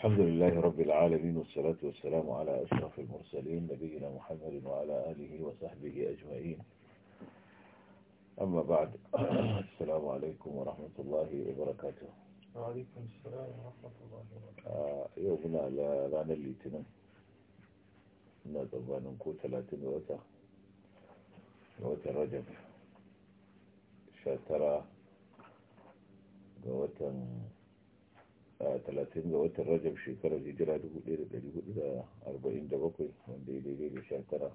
الحمد لله رب العالمين والصلاة والسلام على أشرف المرسلين نبينا محمد وعلى آله وصحبه أجمعين أما بعد السلام عليكم ورحمة الله وبركاته وعليكم السلام ورحمة الله وبركاته آه، يومنا لا اللي تنم نظر نكو ثلاثين وتا وتا رجب شاترا ga 30 ga watan rajab shekarar hijira 1447 wanda ya daidai da shekara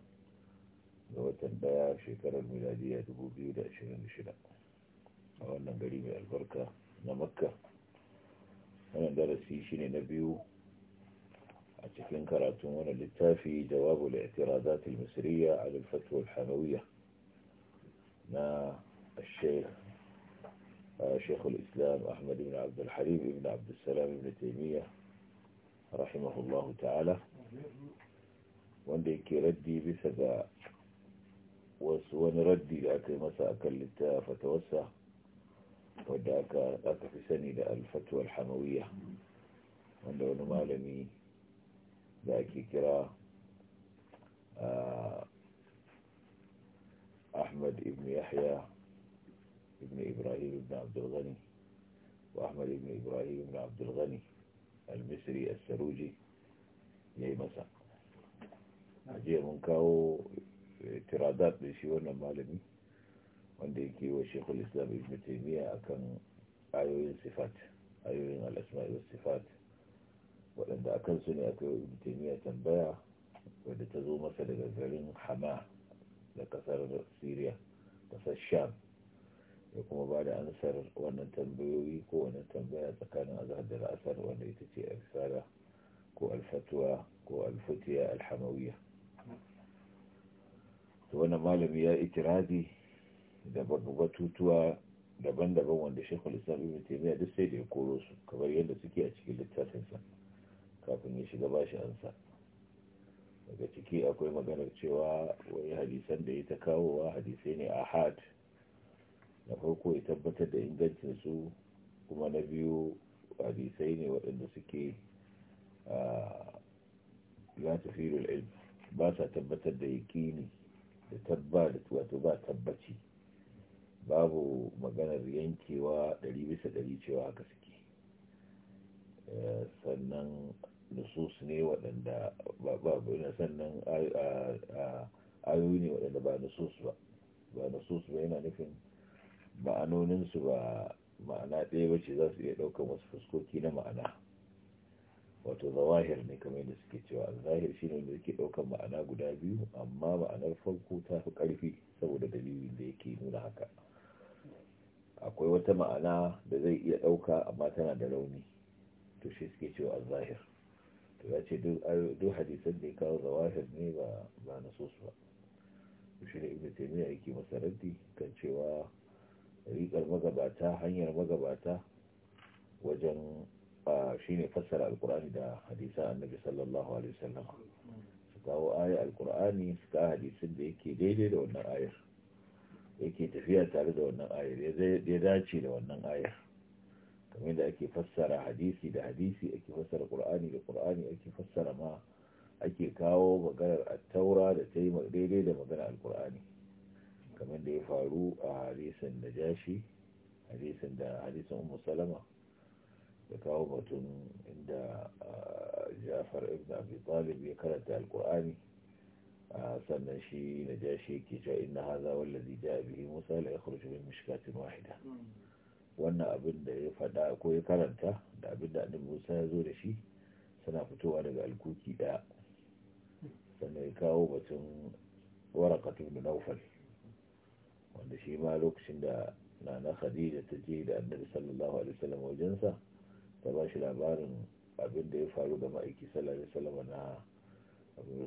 ga watan daya shekarar miladiya 2026 a wannan gari mai albarka na makka wannan darasi shi ne na biyu a cikin karatun wani littafi jawabu da itirazatul misriya a al-fatwa al-hanawiyya na ashirin. آه، شيخ الإسلام أحمد بن عبد الحليم بن عبد السلام بن تيمية رحمه الله تعالى وندي كردي بسبا وسوان ردي أكي مساء كلتا فتوسى وداك أكا في سني الفتوى الحموية وندو نمالمي ذاكي كرا آه، أحمد بن يحيى بن إبراهيم بن عبد الغني وأحمد بن إبراهيم بن عبد الغني المصري السروجي ya masa a mun kawo tiradat da shi wannan malami wanda yake wa shekul islam ibn taimiyya akan ayoyin sifat ayoyin al'asma'i sifat waɗanda a kansu ne aka yi ibn tambaya wadda ta zo masa daga garin hama da ƙasar siriya ƙasar sham ya kuma ba da ansar wannan tambayoyi ko wannan tambaya tsakanin azhar da la'asar wanda ita ce alfara ko alfatuwa ko alfutiya alhamawiya to wannan malami ya itirazi da batutuwa daban-daban wanda shekul islam ibn taimiyya duk sai da ya koro su kamar yadda suke a cikin littafinsa kafin ya shiga bashi ansa daga ciki akwai maganar cewa wai hadisan da ya ta kawowa hadisai ne ahad na farko ya tabbatar da ingancin su kuma na biyu hadisai ne waɗanda suke la tafilul ilm ba sa tabbatar da yaƙini da tabba da wato ba tabbaci babu maganar yankewa ɗari bisa ɗari cewa haka suke eh, sannan nusus ne waɗanda ba na sannan ayoyi ne waɗanda ba nusus ba ba nusus ba yana nufin ma'anoninsu ba ma'ana ɗaya wacce za su iya ɗaukar wasu fuskoki na ma'ana wato zawahir ne kamar yadda suke cewa zahir shi ne yake ɗaukar ma'ana guda biyu amma ma'anar farko ta fi ƙarfi saboda dalilin da yake nuna haka akwai wata ma'ana da zai iya ɗauka amma tana da rauni to shi suke cewa zahir to ya ce duk hadisan da ya kawo zawahir ne ba na so su ba shi ne ibn taymiya yake masa raddi kan cewa rigar magabata hanyar magabata wajen shi ne fassara alkur'ani da hadisa annabi sallallahu alaihi wasallam su kawo ayar alkur'ani su kawo hadisin da yake daidai da wannan ayar yake tafiya tare da wannan ayar ya dace da wannan ayar kamar da ake fassara hadisi da hadisi ake fassara qur'ani da qur'ani ake fassara ma ake kawo maganar at-taura da ta yi daidai da maganar alkur'ani kamar da ya faru a hadisin da jashi hadisin da hadisin umar salama da kawo batun inda jafar ibn abi talib ya karanta alkur'ani sannan shi na jashi yake cewa inna haza wallazi ja bihi musa la yakhruju min mishkatin wahida wannan abin da ya faɗa ko ya karanta da abin da annabi musa ya zo da shi suna fitowa daga alkuki ɗaya sannan ya kawo batun warakatu da naufal wanda shi ma lokacin da nana khadija ta je da annabi sallallahu alaihi wasallam wajensa ta ba shi labarin abin da ya faru da ma'aiki sallallahu alaihi wasallam na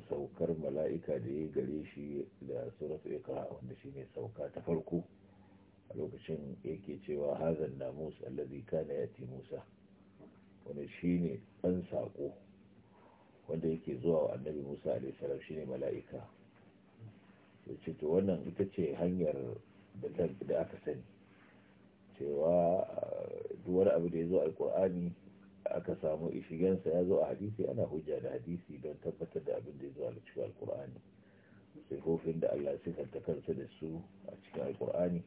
saukar mala'ika da ya gare shi da suratu ikra wanda shi ne sauka ta farko a lokacin yake cewa hazan namus alladhi kana yati musa wanda shi ne ɗan saƙo wanda yake zuwa wa annabi musa alaihi salam shi ne mala'ika ce to wannan ita ce hanyar da aka sani cewa eh, duwar abu da ya zo alkur'ani aka samu ishigensa ya zo a hadisi ana hujja da hadisi don tabbatar da abin da ya zo a cikin alkur'ani sifofin da Allah sifanta kansa da su a cikin alkur'ani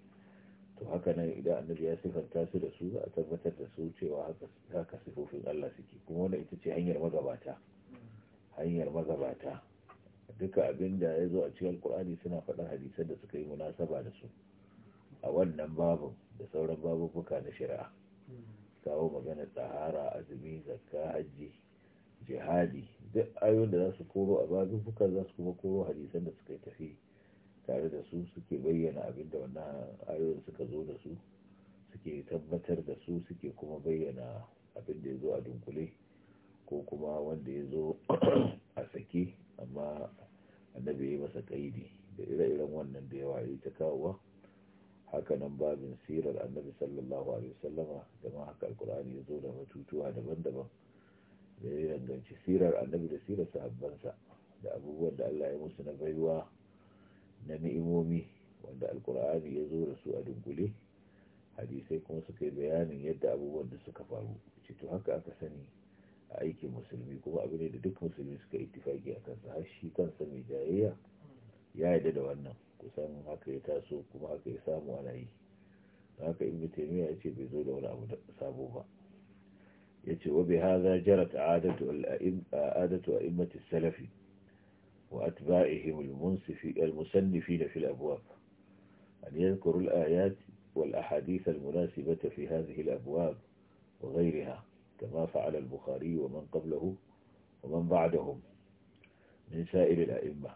to haka nan idan annabi ya sifanta su da su a tabbatar da su cewa haka sifofin Allah suke kuma wanda ita ce hanyar magabata hanyar magabata duka abin da ya zo a cikin alkur'ani suna faɗin hadisan da suka yi munasaba da su a wannan babu da sauran babubuka na shari'a kawo magana tsahara azumi zakka hajji jihadi duk ayoyin da za su koro a babubuka za su kuma koro hadisan da suka yi tafi tare da su suke bayyana abin da wannan ayoyin suka zo da su suke tabbatar da su suke kuma bayyana abin da ya zo a dunkule ko kuma wanda ya zo a sake amma annabi ya masa kaidi da ire-iren wannan da yawa ya ta kawowa haka nan babin sirar annabi sallallahu alaihi wasallama da ma haka alkur'ani ya zo da matutuwa daban-daban da ya danganci sirar annabi da sirar sahabbansa da abubuwan da Allah ya musu na baiwa na ni'imomi wanda alkur'ani ya zo da su a dungule hadisai kuma suka yi bayanin yadda abubuwan da suka faru ce to haka aka sani aikin musulmi kuma abu ne da duk musulmi suka ittifaki a kansa har shi kansa mai jayayya ya yarda da wannan kusan haka ya taso kuma haka ya samu ana yi haka ibn taymiya ya ce bai zo da wani abu da sabo ba ya ce wa bi hadha jarat adatu al-adatu a'immati salafi wa atba'ihim al-munsifi al-musannifin fi al-abwab an yadhkuru al-ayat wal ahadith al-munasibata fi hadhihi al-abwab wa ghayriha كما فعل البخاري ومن قبله ومن بعدهم من سائر الأئمة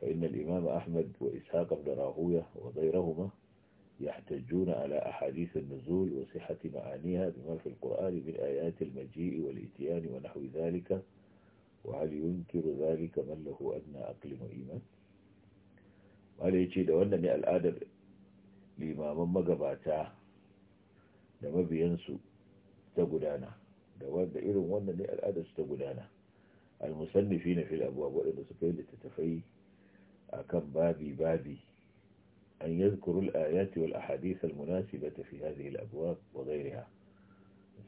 فإن الإمام أحمد وإسحاق بن راهوية وغيرهما يحتجون على أحاديث النزول وصحة معانيها بما في القرآن من آيات المجيء والإتيان ونحو ذلك وهل ينكر ذلك من له أدنى أقل وإيمان وهذا يجي لو أنني wannan ne al'adar limaman magabata ta gudana da wanda irin wannan ne al'adar su ta gudana almusannifi na fil abubuwa waɗanda suka yi littattafai a kan babi babi an yadkuru al'ayati wal munasi ba fi hadhihi al-abwab wa ghayriha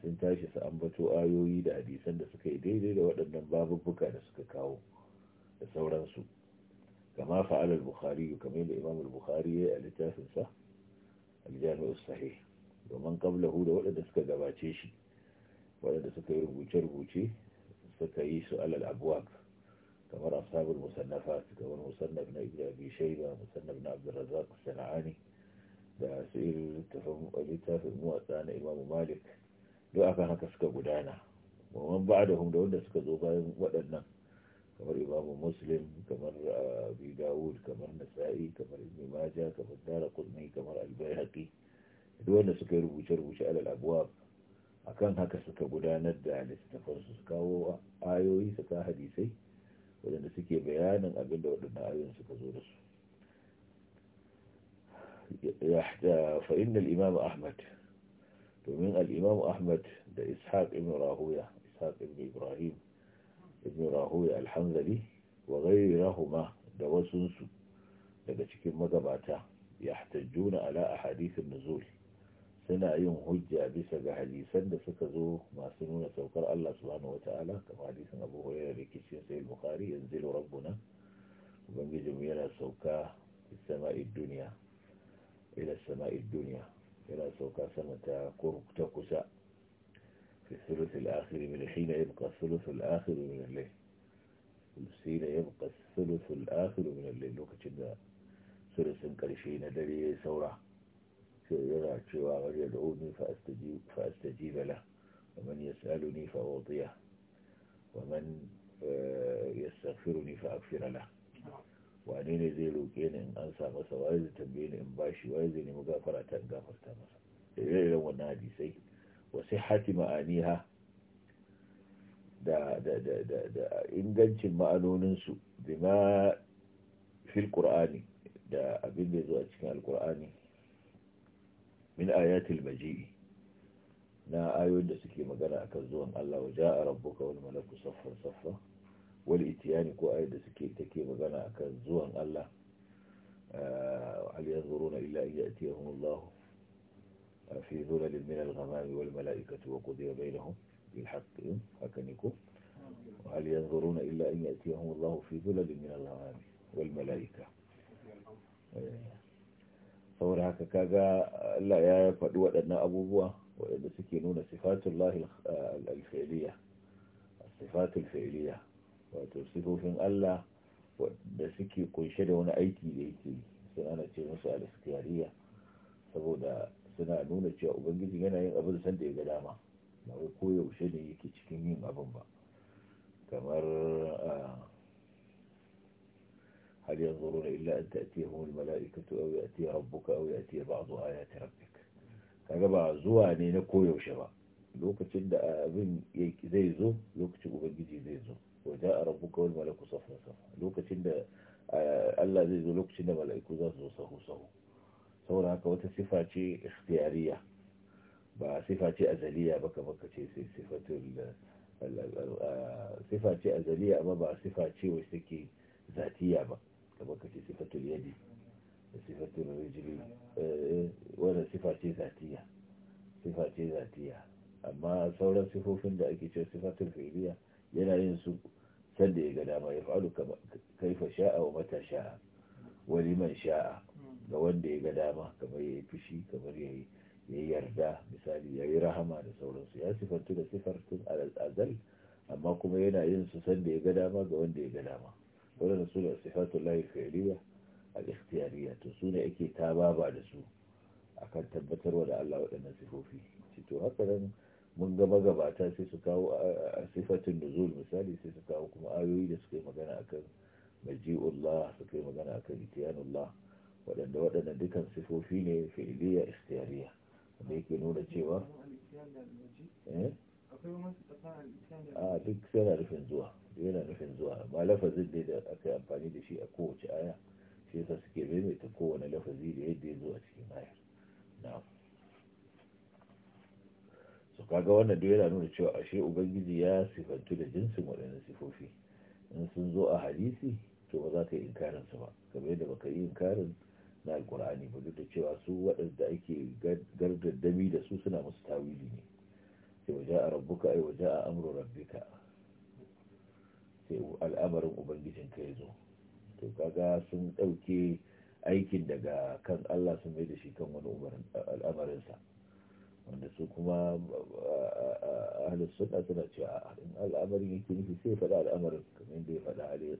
sun tashi su ambato ayoyi da hadisan da suka yi daidai da waɗannan babubbuka da suka kawo da sauransu kama fa'ala al-bukhari kamar yadda imam al-bukhari ya yi a littafinsa sa jamiu sahih domin qablahu da waɗanda suka gabace shi waɗanda suka yi rubuce-rubuce suka yi su alal abuwak kamar asabar musannafa kamar musannaf na ibn abi shayba musannaf na abdurrazzaq sana'ani da su irin littafin muwatsa na imamu malik duk aka haka suka gudana mamman ba da da wanda suka zo bayan waɗannan kamar imamu muslim kamar ah, abi dawud kamar nasa'i kamar ibn maja kamar dara kamar albayhaqi duk wanda suka yi rubuce-rubuce alal abuwak akan haka suka gudanar da littattafansu su kawo ayoyi su ka hadisai wadanda suke bayanin abin da waɗannan ayoyin suka zo da su fa'in imam ahmad domin al'imam ahmad da ishaq ibn rahuya ishaq ibn ibrahim ibn rahuya alhanzali wa da wasunsu daga cikin magabata ya ala a hadisin nuzuli suna yin hujja bisa ga hadisan da suka zo masu nuna saukar Allah subhanahu wata'ala kamar hadisin Abu Hurairah da ke cikin Sahih Bukhari yanzilu rabbuna ubangiji mu yana sauka sama'i duniya ila sama'i duniya yana sauka sama ta ta kusa fi sulusul akhiri min hina yabqa sulusul akhiri min al-layl hina yabqa sulusul akhiri min al-layl lokacin da sulusun karshe na dare ya saura yana cewa wani da omi fa'astaji bala ومن يسألني فأعطيه ومن يستغفرني فأغفر له wane ne zai roƙe ni in an samu sa waye zai tambaye ni in bashi waye zai nemi gafara ta in gafarta masa da irin wannan hadisai wa sihhati ma'aniha da da da da ingancin ma'anonin su bima fil qur'ani da abin da zo a cikin alqur'ani من آيات المجيء نا آيون دسكي مغانا أكزوان الله وجاء ربك والملك صفا صفا والإتيان كو آيون دسكي تكي مغانا أكزوان الله آه، هل ينظرون إلا أن يأتيهم الله آه، في ظلل من الغمام والملائكة وقضي بينهم بالحق هكنيكو وهل ينظرون إلا أن يأتيهم الله في ظلل من الغمام والملائكة آه. saboda haka kaga Allah ya faɗi waɗannan abubuwa waɗanda suke nuna sifatun lahil eh, alfa'iliya sifatul fa'iliya wato sifofin Allah da suke kunshe da wani aiki da yake sun ana ce musu al saboda suna nuna cewa ubangiji yana yin abin san da ya ga dama ba wai koyaushe ne yake cikin yin abin ba kamar eh, هل ينظرون إلا أن تأتيهم الملائكة أو يأتي ربك أو يأتي بعض آيات ربك kaga ba zuwa ne na koyaushe ba lokacin da abin zai zo lokacin ubangiji zai zo wajen a rabuka wani malaku safin safa lokacin da Allah zai zo lokacin da mala'iku za su zo sahu sahu saboda haka wata sifa ce ikhtiyariya ba sifa ce azaliya ba kamar ka ce sai sifatul azaliya amma ba a ce wacce take zatiya ba kamar ka ce sifatul yadi da sifatul rijili eh, wannan sifa ce zatiya sifa ce zatiya amma sauran sifofin da ake cewa sifatul fi'liya yana yin su sanda ya ga dama ya fa'alu kaifa sha'a wa mata sha'a wa liman sha'a ga wanda ya ga dama kamar ya yi fushi kamar ya yi ya yarda misali ya yi rahama da sauransu ya sifantu da sifartun al'azal amma kuma yana yin su sanda ya ga dama ga wanda ya ga dama waɗanda su da sifatun layi fa'iliya al-ikhtiyariya to su ne ake ta baba da su akan tabbatarwa da Allah waɗannan sifofi shi to haka nan mun gama gabata sai su kawo a sifatin nuzul misali sai su kawo kuma ayoyi da suka yi magana akan maji'ullah suka yi magana akan itiyanullah waɗanda waɗannan dukan sifofi ne fa'iliya ikhtiyariya wanda yake nuna cewa eh? a duk sai na rufin zuwa yana nufin zuwa ba lafazin da da aka yi amfani da shi a kowace aya shi yasa suke maimaita kowane lafazi da yadda ya zo a cikin ayar na'am su kaga wannan duk yana nuna cewa ashe ubangiji ya sifantu da jinsin waɗannan sifofi in sun zo a hadisi to ba za ka yi inkarin su ba kamar yadda baka yi inkarin na alkur'ani ba duk da cewa su waɗanda ake gardaddami da su suna musu tawili ne sai waje a rabbuka ai wajen a amro rabbika sai al'amarin ubangijin ka ya zo to kaga sun ɗauke aikin daga kan Allah sun mai da shi kan wani al'amarinsa wanda su kuma ahalus suna cewa a in al'amarin yake nufi sai faɗa al'amarin kamar yadda ya faɗa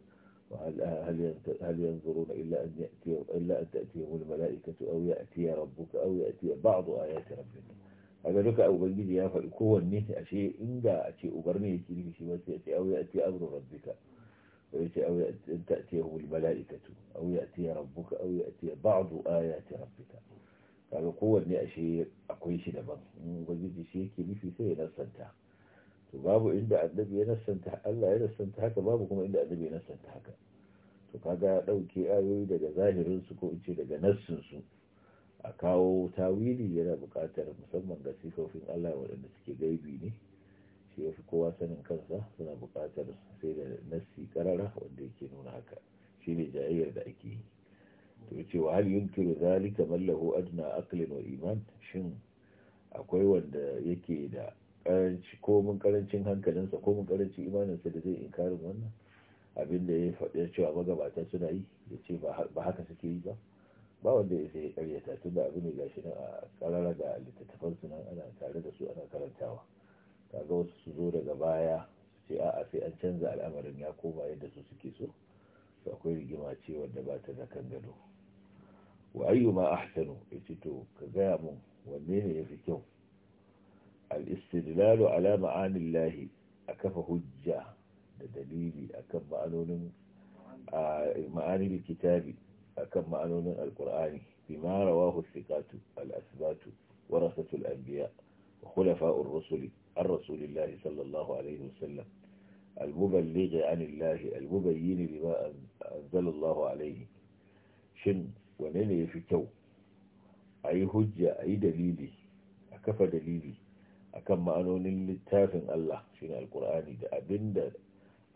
halin هل ينظرون إلا أن يأتي إلا أن تأتيهم الملائكة أو يأتي ربك أو يأتي بعض آيات ga duka ubangiji ya faɗi kowanne ashe inda a ce ubar ne yake nufi shi wasu ya ce auya a ce abu rabbika ko ya ce auya in ta ce hul mala'ikatu auya a ce rabbuka auya a ce ba'du ayati rabbika kaga kowanne ashe akwai shi daban in ubangiji shi yake nufi sai ya nasanta to babu inda annabi ya nasanta Allah ya nasanta haka babu kuma inda annabi ya nasanta haka to kaga dauke ayoyi daga zahirin su ko in ce daga nassin su a kawo tawili yana bukatar musamman ga sifofin Allah waɗanda suke gaibi ne shi ya fi kowa sanin kansa suna bukatar sai da nassi karara wanda yake nuna haka shi ne jayayyar da ake yi to ce wa hal yunkiru zalika man lahu adna aqlin wa iman shin akwai wanda yake da karanci ko mun karancin hankalinsa ko mun karancin imaninsa da zai inkarin wannan abin da ya faɗa cewa magabata suna yi ya ce ba haka suke yi ba ba wanda ya sai karyata tun da abu ne shi nan a karara ga littattafan su nan ana tare da su ana karantawa ga wasu su zo daga baya su ce a'a sai an canza al'amarin ya koma yadda su suke so to akwai rigima ce wanda ba ta da gado wa ayyu ma ahsanu yace to ka gaya mun wanne ne yafi kyau al istidlalu ala ma'ani llahi a kafa hujja da dalili akan ma'anonin ma'anin kitabi أكم معلوم القرآن بما رواه الثقات الأثبات ورثة الأنبياء وخلفاء الرسل الرسول الله صلى الله عليه وسلم المبلغ عن الله المبين لما أنزل الله عليه شن ونني في تو أي هجة أي دليلي أكف دليلي أكم معلوم للتافع الله شن القرآن أبند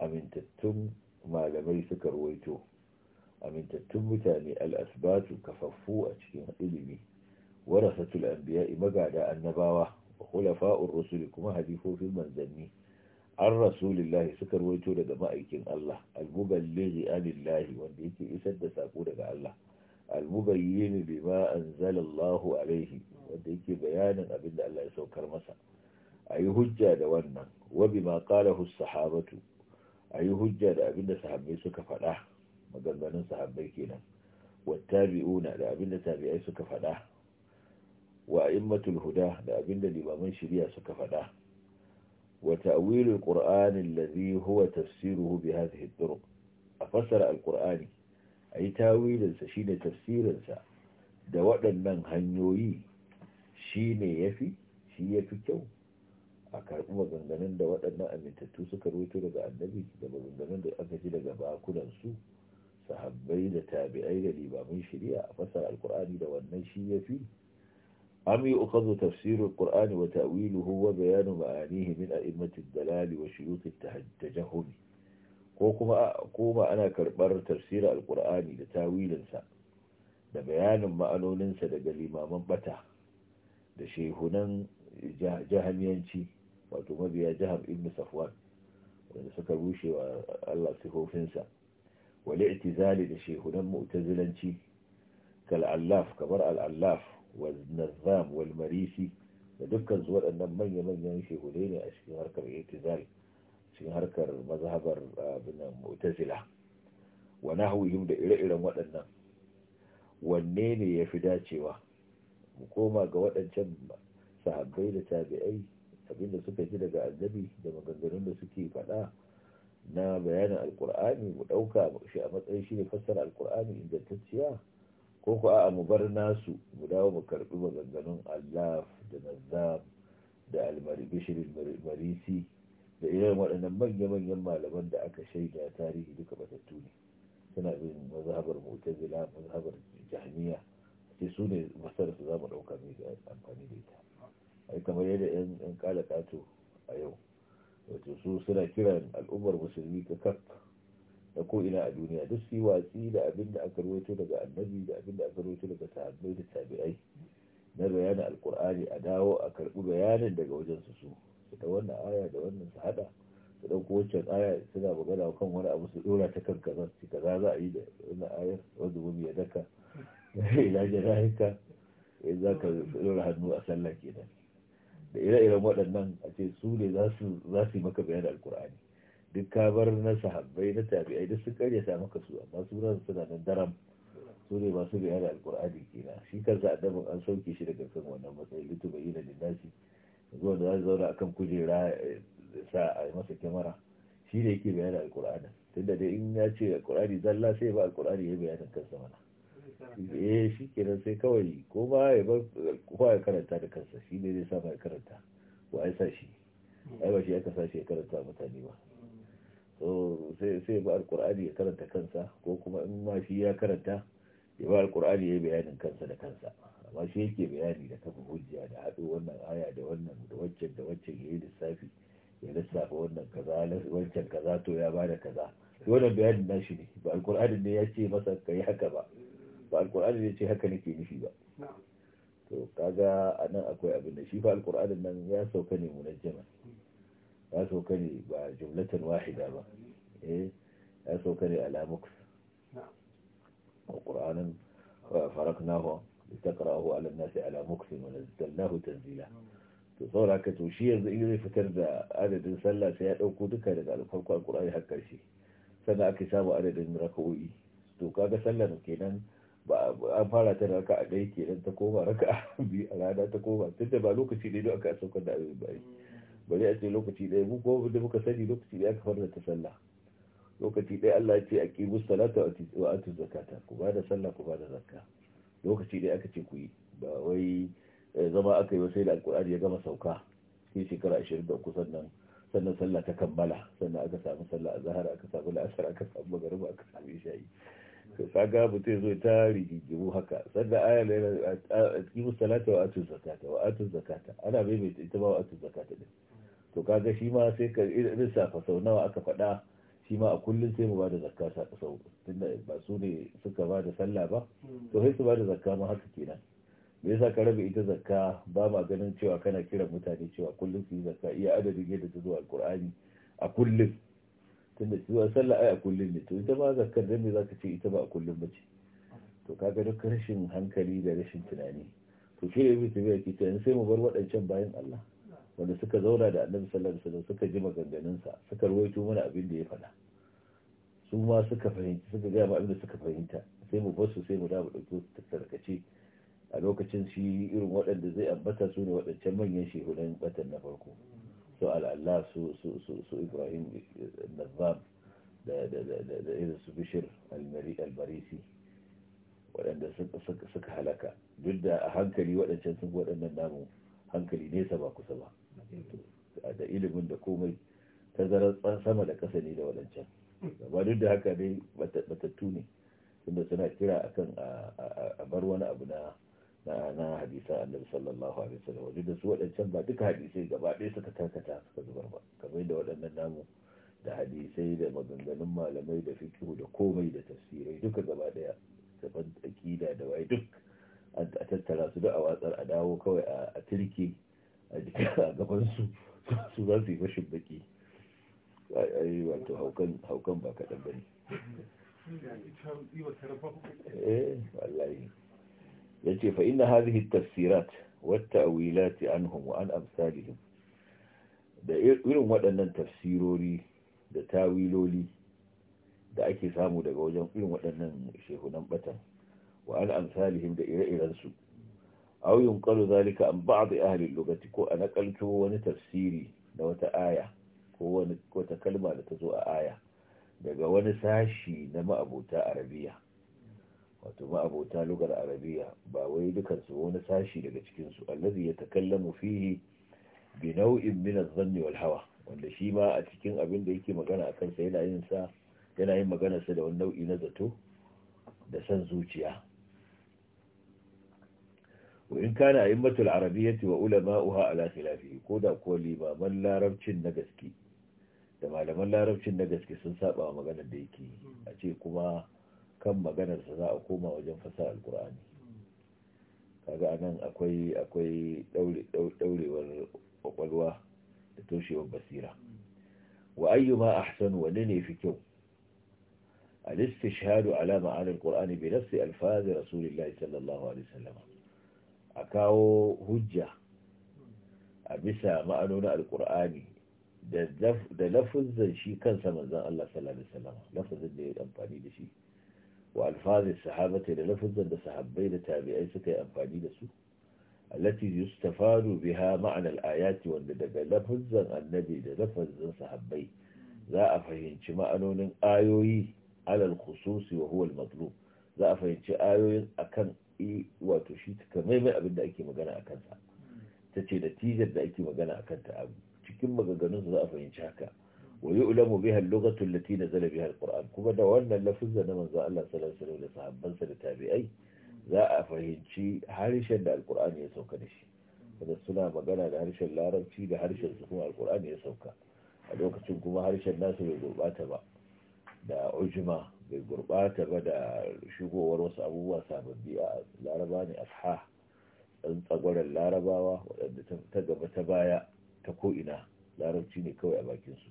أمن تتم ما لم يسكر ويتوه amintattun mutane al'asbatu kafaffu a cikin ilimi warasatul anbiya'i magada annabawa wa khulafa'ur rusuli kuma hadifofin manzanni an rasulillahi suka ruwaito daga ma'aikin Allah al-muballighi anillahi wanda yake isar da sako daga Allah al-mubayyin bima anzalallahu alaihi wanda yake bayanin abin da Allah ya saukar masa ayi hujja da wannan wa bima qalahu as-sahabatu ayi hujja da abin da sahabbai suka faɗa maganganun sahabbai kenan wattabi'una da abinda tabi'ai suka fada wa a'immatul huda da abinda limaman shari'a suka fada wa ta'wilul qur'ani allazi huwa tafsiruhu bi hadhihi turuq a fasar alqur'ani ayi tawilin sa shine tafsirin sa da waɗannan hanyoyi shine yafi shi yafi kyau a karɓi maganganun da waɗannan amintattu suka rubuto daga annabi da maganganun da aka ji daga bakunan su sahabbai da tabi'ai da limamin shari'a a fasar alkur'ani da wannan shi ya fi am yi ukazu tafsirin alkur'ani wa ta'wiluhu wa bayanu ma'anihi min a'immatid dalali wa shuyutit tahajjahumi ko kuma ko ba ana karbar tafsirin alkur'ani da tawilinsa da bayanin ma'anoninsa daga limaman bata da shehunan jahamiyanci wato mabiya jihar ibn safwan wanda suka rushe wa Allah sa. wali itizali da shehunan mu'tazilanci kal'allaf kamar al'allaf wa nazam wal marisi da dukkan su waɗannan manya-manyan shehunai ne a cikin harkar itizali cikin harkar mazhabar abinan mu'tazila wa da ire-iren waɗannan wanne ne ya fi dacewa mu koma ga waɗancan sahabbai da tabi'ai abinda suka ji daga annabi da maganganun da suke faɗa na bayanin alkur'ani mu ɗauka shi a matsayin shi ne fassara alkur'ani ingantacciya ko ku a mu bar nasu mu dawo mu karɓi maganganun allah da nazam da almaribishirin marisi da irin waɗannan manya-manyan malaman da aka shaida tarihi duka batattu ne suna bin mazhabar mutazila mazhabar jahmiya sai su ne masarar su za mu ɗauka mai amfani da ita ai kamar yadda 'yan kala kato a yau wato su suna kiran al'ummar musulmi ka kak da ko ina a duniya duk su watsi da abin da aka rawaito daga annabi da abin da aka rawaito daga sahabbai da tabi'ai na bayanin alkur'ani a dawo a karbi bayanin daga wajen su su su da wannan aya da wannan su hada su wancan aya suna magana kan wani abu su dora ta kan kaza su kaza za a yi da wannan ayar wanda mu ya daka ila jarahika in za ka dora hannu a sallah kenan da ire-iren waɗannan a ce su ne za su yi maka bayan alkur'ani duk ka bar na sahabbai na tabi'ai duk sun karyata maka su amma sunan suna nan daram su ne masu bayan alkur'ani kenan shi kansa annabin an sauke shi daga kan wannan matsayin litu da nasi zuwa da za su zauna akan kujera eh, sa a masa kyamara shi ne yake bayan alkur'ani tunda dai in ya ce alkur'ani zalla sai ba alkur'ani ya bayanin kansa mana eh shi kenan sai kawai ko ba ya ba ya karanta da kansa shi ne zai sa ya karanta ko ai sa shi ai ba shi aka sa shi ya karanta mutane ba so sai ba alkur'ani ya karanta kansa ko kuma in ma shi ya karanta ya ba alkur'ani ya bayanin kansa da kansa amma shi yake bayani da kafa hujja da haɗu wannan aya da wannan da waccan da waccan ya yi lissafi ya lissafa wannan kaza wancan kaza to ya bada kaza wannan bayanin nashi ne ba alkur'anin ne ya ce masa ka yi haka ba ba alkur'ani ne ce haka nake nufi ba to kaga anan akwai abin da shi fa alkur'anin nan ya sauka ne munajjama ya sauka ne ba jumlatan wahida ba eh ya sauka ne ala muks alkur'anin faraknahu litaqra'ahu ala an-nasi ala muks wa nazzalnahu tanzila to saboda haka to shi yanzu in zai fitar da adadin sallah sai ya dauko duka daga alfarko alkur'ani har karshe sannan aka samu adadin raka'o'i to kaga sallar kenan ba an fara ta da raka a ɗaya kenan ta koma raka biyu a rana ta koma tun da ba lokaci ne don aka saukar da abin bayi bari a ce lokaci ɗaya mu kuma da muka sani lokaci ɗaya aka farna ta sallah lokaci ɗaya Allah ce a ƙi salata wa atu zakata ku ba da sallah ku ba da zakka lokaci ɗaya aka ce ku yi ba wai eh, zama aka yi wa sai da alƙur'ani ya gama sauka sai shekara ashirin da uku sannan sannan sallah ta kammala sannan aka samu sallah a zahara aka samu la'asar aka samu magariba aka samu isha'i to kaga mutum zai ta rigigimu haka sannan ayar yana a cikin salata wa atun zakata wa atun zakata ana maimaita ita ba wa atun zakata din to kaga shi ma sai ka irin safa sau nawa aka faɗa shi ma a kullum sai mu bada zakka sa sau tunda ba su ne suka bada sallah ba to sai su bada zakka ma haka kenan me yasa ka rabe ita zakka ba ma ganin cewa kana kiran mutane cewa kullum su yi zakka iya adadin yadda ta zo alkur'ani a kullum tunda cewa sallah ai a kullum ne to ita ba zakar dan me zaka ce ita ba a kullum ce to kaga duk rashin hankali da rashin tunani to shi ne mutum ya kita in sai mu bar waɗancan bayan Allah wanda suka zauna da annabi sallallahu alaihi wasallam suka ji maganganun sa suka rawaito mana abin da ya faɗa su ma suka fahimta suka ga abin da suka fahimta sai mu bar su sai mu da mu dauki tarkace a lokacin shi irin waɗanda zai ambata su ne waɗancan manyan shehunan batan na farko su al'allah su ibrahim nazam da irin su bishir albarisi waɗanda suka halaka duk da a hankali waɗancan sun waɗannan namu hankali nesa ba kusa ba da ilimin da komai tazarar sama da ƙasa ne da waɗancan ba duk da haka dai matattu ne tunda suna kira akan a bar wani abu na na hadisa annabi sallallahu alaihi wasallam wajen da su waɗancan ba duka hadisai gaba ɗaya suka tarkata suka zubar ba kamar da waɗannan namu da hadisai da maganganun malamai da fiqh da komai da tafsirai duka gaba ɗaya daban aqida da wai duk a tattara su da a watsar a dawo kawai a turki a gaban su su za su yi fashin baki ai wato haukan haukan ba kaɗan ba ne eh wallahi yace fa inna hadhihi at-tafsirat wat-ta'wilat anhum wa an amsalihim da irin waɗannan tafsirori da tawiloli da ake samu daga wajen irin waɗannan shehunan batan wa an amsalihim da ire-irensu aw yunqalu zalika an ba'd ahli al-lughati ko an qalto wani tafsiri da wata aya ko wani wata kalma da ta zo a aya daga wani sashi na ma'abuta arabiya wato ma'abota lugar arabiya ba wai dukansu wani sashi daga cikinsu allazi ya takallamu fihi bi nau'in min az-zanni wal hawa wanda shi ma a cikin abin da yake magana akan sa yana yin sa yana yin magana sa da wani nau'i na zato da san zuciya wa in kana a'immatul arabiyyati wa ulama'uha ala khilafi ko da ko limaman larabcin na da malaman larabcin na gaske sun saba wa maganar da yake a ce kuma kan maganarsa za a koma wajen fasar alkur'ani kaga anan akwai akwai daurewar kwakwalwa da toshewar basira wa ayyuma ahsan wani ne fi kyau الاستشهاد على معاني القرآن بنفس ألفاظ رسول الله صلى A kawo hujja a bisa أبسا معنونا القرآن da lafazin shi kansa manzan Allah sallallahu Alaihi wasallam lafazin da ya amfani da shi wa alfazin ta da lafazan da sahabbai da tabi'ai suka yi amfani da su allati yustafadu biha ma'ana al-ayati wanda daga lafazan annabi da lafazan sahabbai za a fahimci ma'anonin ayoyi alal khususi wa huwa al za a fahimci ayoyin akan wato shi takamaimai abin da ake magana akan sa tace da tijar da ake magana akan ta cikin maganganun za a fahimci haka wa yu'lamu biha lokacin lughatu allati nazala biha al kuma da wannan lafuzza na manzo Allah sallallahu alaihi wasallam da sahabbansa da tabi'ai za a fahimci harshen da al ya sauka da shi wanda suna magana da harshen larabci da harshen su kuma al ya sauka a lokacin kuma harshen nasu bai gurbata ba da ujma bai gurbata ba da shigowar wasu abubuwa sababbi a laraba ne ashah ɗan tsagwaron larabawa waɗanda ta gaba ta baya ta ko'ina larabci ne kawai a bakin su.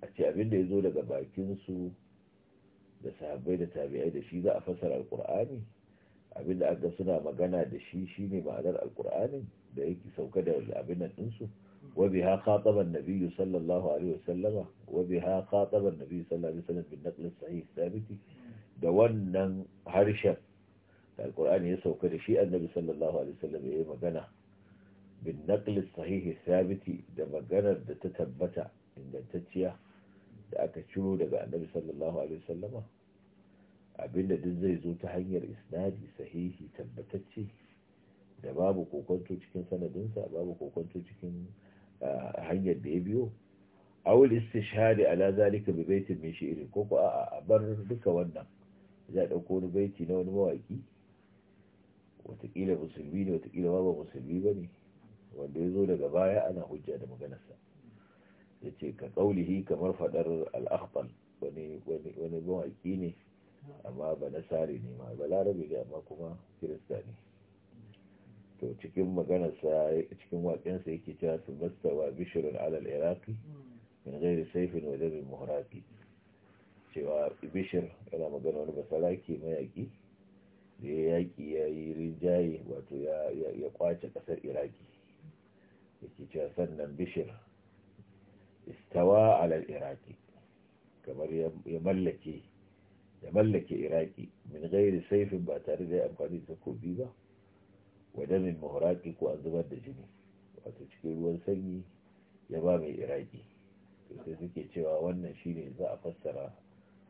a ce abin da ya zo daga bakinsu da sahabbai da tabi'ai da shi za a fasar alkur'ani abin da aka suna magana da shi shi ne ma'anar alkur'ani da yake sauka da abin nan ɗinsu wa biha khataba an sallallahu alaihi wasallama wa biha khataba an sallallahu alaihi wasallam bin naql sahih thabiti da wannan harshen da alkur'ani ya sauka da shi annabi sallallahu alaihi wasallam ya yi magana bin naql sahih thabiti da maganar da ta tabbata ingantacciya da aka ciro daga annabi sallallahu alaihi wasallama abinda duk zai zo ta hanyar isnadi sahihi tabbatacce da babu kokonto cikin sanadinsa babu kokonto cikin hanyar da ya biyo awul istishhadi ala zalika bi baitin min shi'ri ko ko a bar duka wannan za dauko wani baiti na wani mawaki watakila musulmi ne watakila ba musulmi bane wanda ya zo daga baya ana hujja da maganarsa yace ce ka ƙaulihi kamar faɗar al'akbal wani mawaƙi ne amma ba nasari ne ma ba larabi ne amma kuma kirista ne to cikin maganarsa cikin waƙensa yake cewa su mastawa bishirin alal iraki min gairi saifin wa dabin muhraki cewa bishir yana magana wani basalaki mayaƙi da ya yaƙi ya yi wato ya kwace ƙasar iraki yake cewa sannan bishir istawa alal iraki kamar ya mallake ya mallake iraki min gairi saifin ba tare da amfani da takobi ba min mahuraki ko an zubar da jini wato cikin ruwan sanyi ya ba mai iraki sai suke cewa wannan shine za a fassara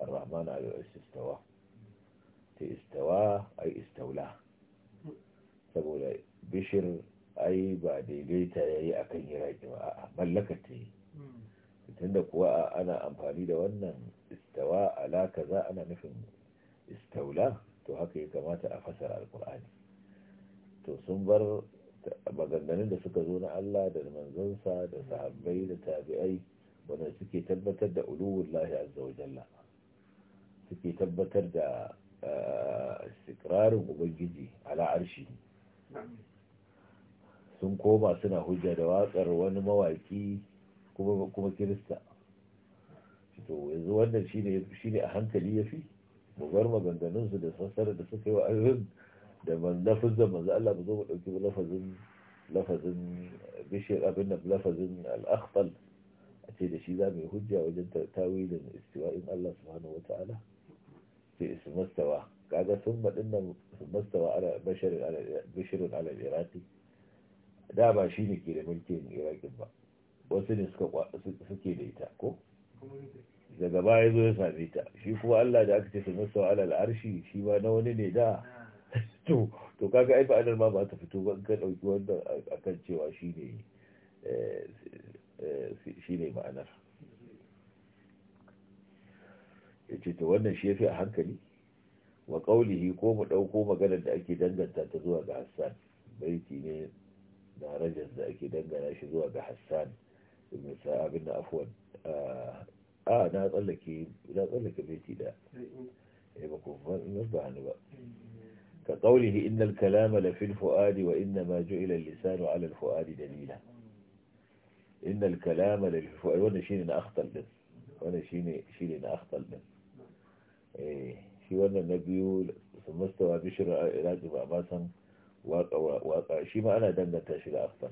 ar-rahman al-istawa ta istawa ai istaula saboda bishir ai ba daidaita yayi akan iraki ba a mallaka ta yi tunda kuwa ana amfani da wannan istawa alaka za ana nufin istaula to haka ya kamata a fasara alkur'ani to sun bar maganganun da suka zo na Allah da manzansa da sahabbai da tabi'ai wanda suke tabbatar da uluwullahi azza wa jalla suke tabbatar da eh, sikirarin ubangiji ala arshi sun koma suna hujja da watsar wani mawaƙi. kuma kuma kirista to yanzu wannan shine shine a hankali yafi mu bar maganganun su da sassara da suka yi wa ayoyin da man lafazin manzo Allah ba zo mu dauki lafazin lafazin bishir abin da lafazin al-akhtal a ce da shi za mu yi hujja wajen tawilin istiwa'in Allah subhanahu wata'ala sai ismastawa kaga sun madin nan ismastawa ala bashirin ala iraqi da ba shine ke da mulkin iraqin ba wasu ne suke da ita ko daga baya zo ya same ta shi kuma Allah da aka ce su nasa ala al'arshi shi ba na wani ne da to to kaga ai ma ba ta fito ba ka dauki wanda akan cewa shi ne eh, eh, shi ne ma'anar yace wannan shi ya fi a hankali wa kaulihi ko mu ɗauko maganar da ake danganta ta zuwa ga Hassan baiti ne da rajar da ake dangana shi zuwa ga Hassan النساء بنا عفوا آه, آه، إيه؟ إيه، أنا أقول لك لا أقول لك بيتي لا كقوله إن الكلام لفي الفؤاد وإنما جعل اللسان على الفؤاد دليلا إن الكلام لفي الفؤاد وأنا شيني أخطل من وأنا شيني شيني أخطل من إيه في وأنا النبي ثم استوى بشر لازم أباسا واقع شي ما أنا دمنا تشيل أخطل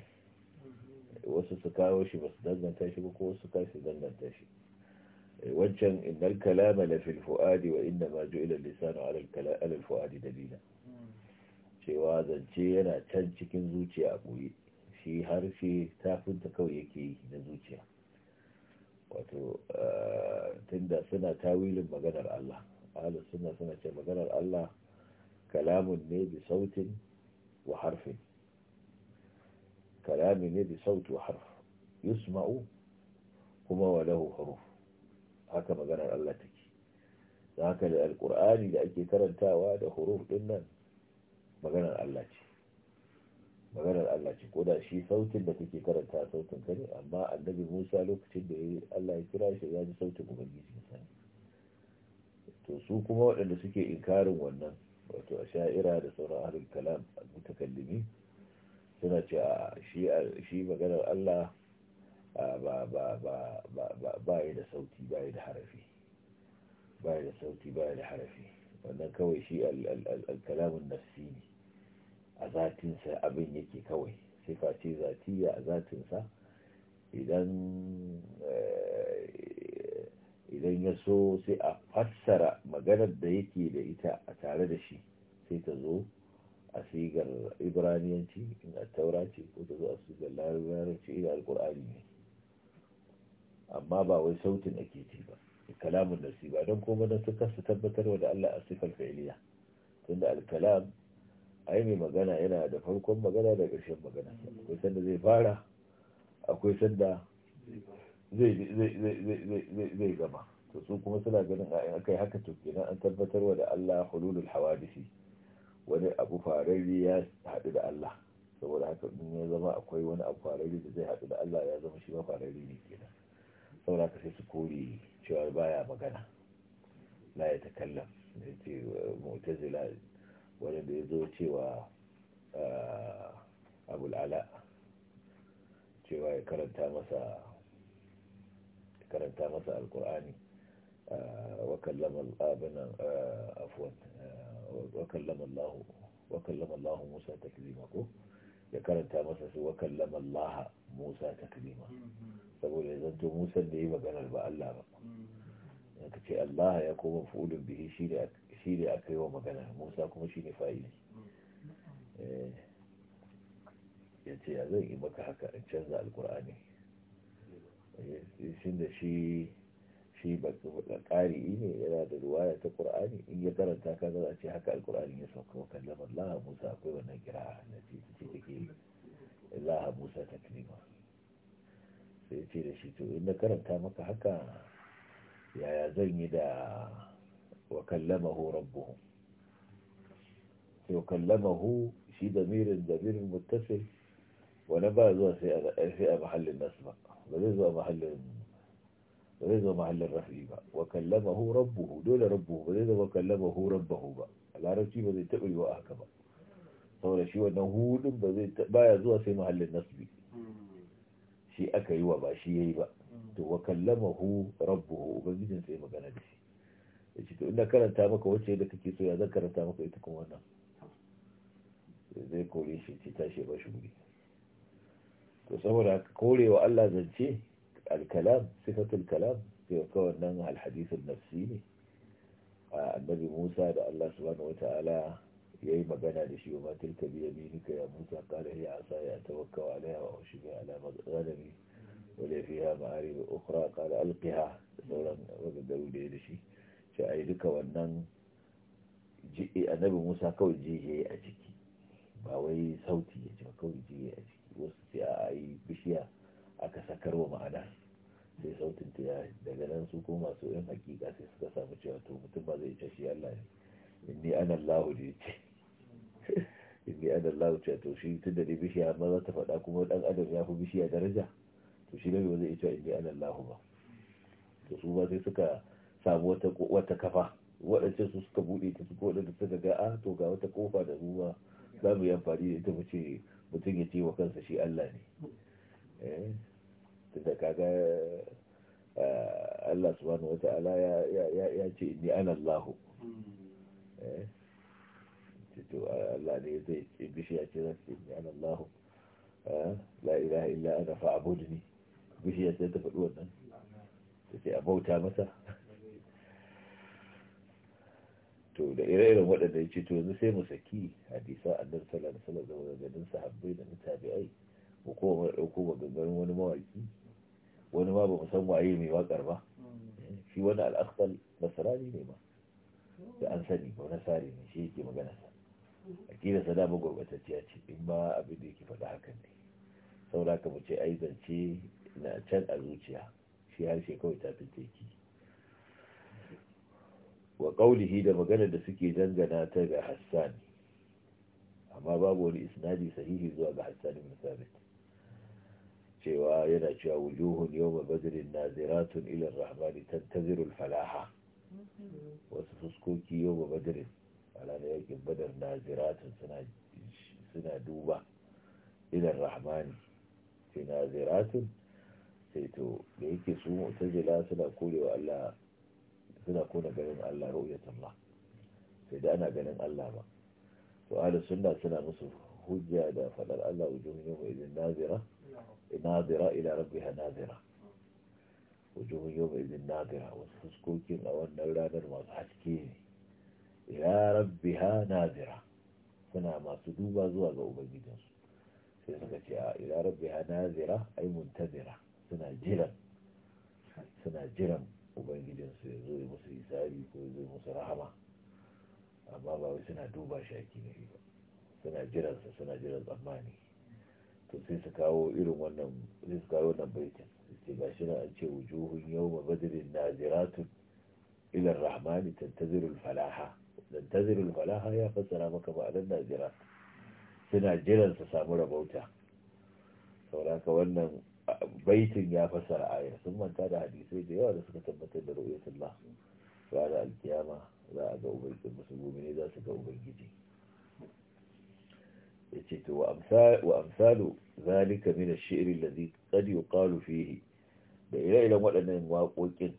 wasu su kawo shi ba su danganta shi ba ko wasu ka su danganta shi eh, wancan innal kalama la fil fuadi wa inna ma ju'ila lisanu ala al fuadi dalila cewa zance yana can cikin zuciya a shi harshe tafinta kawai yake yi na zuciya wato ah, tunda suna tawilin maganar Allah ahlus sunna suna ce maganar Allah kalamun ne bi sautin wa harfin kalami ne bi sautu harf yusma'u kuma walau lahu huruf haka maganar Allah take da haka da alkur'ani da ake karantawa da huruf din nan maganar Allah ce maganar da shi sautin da kake karanta sautin ka ne amma annabi Musa lokacin da Allah ya kira shi ya ji sautin ubangiji misali to su kuma waɗanda suke inkarin wannan wato asha'ira da sauran ahlul kalam al-mutakallimi suna ce a shi maganar Allah ba yi da sauti ba yi da harafi ba yi da sauti ba yi da harafi wannan kawai shi alkalamun nafsi ne a zatinsa abin yake kawai sai face zatiya a zatinsa idan eh, idan ya so sai a fassara maganar da yake da ita a tare da shi sai ta zo a sigar ibraniyanci in a taura ce ko ta zo a sigar larabci alkur'ani ne amma ba wai sautin ake ci ba kalamun nasi ba don kuma don su kasu tabbatarwa da Allah a sifar fa'iliya tunda alkalam ai magana yana da farkon magana da ƙarshen magana akwai sanda zai fara akwai sanda zai gama to su kuma suna ganin a aka yi haka to kenan an tabbatarwa da Allah hululul hawadisi wani abu fararri ya haɗu da Allah saboda haka in ya zama akwai wani abu fararri da zai haɗu da Allah ya zama shi ma fararri ne kenan saboda haka sai su kore cewa baya magana la ya takallam da ce mu'tazila wanda da ya zo cewa ah, abul ala cewa ya karanta masa karanta masa alkur'ani ah, wa kallama al'abinan afuwan ah, wa kallama Allah Musa taklima ko ya karanta masa su wa kallama Allah Musa taklima saboda ya zanto Musa da yi maganar ba Allah ba ka ce Allah ya koma fulun bihi shi ne aka yi wa magana Musa kuma shi ne fa'ili eh. ya ce ya zan yi maka haka in canza alkur'ani eh, shi da shi shi ba ƙari ne yana da ruwaya ta ƙur'ani in ya karanta ka za a ce haka alƙur'ani ya sauka wa kallama Allah Musa akwai wannan kira na ce ta ce take Allah Musa ta klima sai ce da shi to in na karanta maka haka yaya zan yi da wa kallama hu rabbuhu to kallama hu shi da mirin damirin damirin muttasil wani ba zuwa sai a mahallin nasu ba ba zai zuwa mahallin ba zai zama mahallin rafi ba wa kallamahu rabbuhu dole rabbuhu ba zai zama kallamahu rabbahu ba a larabci ba zai taɓa yiwa haka ba saboda shi wannan hudun ba zai baya zuwa sai mahallin nasbi shi aka yi wa ba shi yayi ba to wa kallamahu rabbuhu ubangijin sai magana da shi yace to ina karanta maka wacce da kake so ya zan karanta maka ita kuma wannan zai kore shi ta tashi ba shi wuri to saboda korewa Allah zance alkalam sifatul kalam sai ka wannan alhadisun nafsi ne a annabi musa da allah subhanahu wata'ala ya yi magana da shi wa matar kabi ya minika ya musa kala ya asa ya tawakkawa alaiha wa shi mai alama ganabi wale fi ha ma'ari da ukra kala alkiha da sauran magagaru da ya da shi shi a yi duka wannan annabi musa kawai a ciki ba wai sauti ya ce kawai a ciki wasu sai a yi bishiya aka sakar wa ma'ana sai sautin ta yayi daga nan su ko masu yin hakika sai suka samu cewa to mutum ba zai ce Allah ne inni ana Allahu da ce, inni ana Allahu ce to shi tun da ne bishiya ma za ta faɗa kuma dan adam ya fi bishiya daraja to shi ne ba zai ce inni ana Allahu ba to su ba sai suka samu wata wata kafa waɗancan su suka buɗe ta ko da suka ga a ah, to ga wata kofa da ruwa za mu yi amfani da ita mu ce mutum ya ce wa kansa shi Allah ne eh, da kaga eh, Allah subhanahu wata'ala ya ya ce ni ana Allah hmm. eh? to Allah ne zai ce ya ce za ni ana Allah eh? la ilaha illa ana fa'budni ya ce ta faɗi wannan ta ce a bauta masa to da ire-iren waɗanda ya ce to yanzu sai mu saki hadisa annabi sallallahu alaihi wasallam da ganin sahabbai da mutabi'ai ko kuma ɗauko maganganun wani mawaki wani ma ba mu san waye mai wakar ba shi wani al'akhtar nasarani ne ba da an sani ba sari ne shi yake magana sa akida sa dama gurbatacciya ce in ma abin da yake faɗa hakan ne saboda ka mu ce ai zance na can a zuciya shi harshe kawai ta fitaki wa qaulihi da magana da suke dangana ta ga Hassan amma babu wani isnadi sahihi zuwa ga Hassan ibn cewa yana cewa wujuhun yawma badrin naziratun ila ar-rahman ta al-falaha wasu fuskoki yawma badrin ala da yakin badar naziratun suna suna duba ilin ar-rahman fi naziratun sai to da yake su mu'tazila suna korewa Allah suna kona ganin Allah ru'yatullah sai da ana ganin Allah ba to ahlus sunna suna musu hujja da faɗar Allah wujuhun yawma izin nazira nazira ila rabbiha nazira wujuhun yau mai nazira wasu fuskokin a wannan ranar masu haske ne ila rabbiha nazira suna masu duba zuwa ga ubangijinsu sai suka ce a ila rabbiha nazira ai muntazira suna jiran suna jiran ubangijinsu ya zo ya musu hisabi ko ya zo musu rahama amma ba suna duba shi a kinafi suna jiransa suna jiran tsammani to sai su kawo irin wannan sai su kawo wannan baitin sai ga shi an ce wujuhun yawma badrin naziratun ila rahmani tantazirul falaha tantazirul falaha ya fassara maka ma'anar nazira suna jiran su samu rabauta sauraka wannan baitin ya fassara ayar sun manta da hadisai da yawa da suka tabbatar da ru'yatullah ranar alkiyama za a ga ubangiji musulmi ne za su ga ubangiji yace ce to wa amsalu zalika min ash-shi'r alladhi qad yuqalu fihi da ire-iren waɗannan waƙoƙin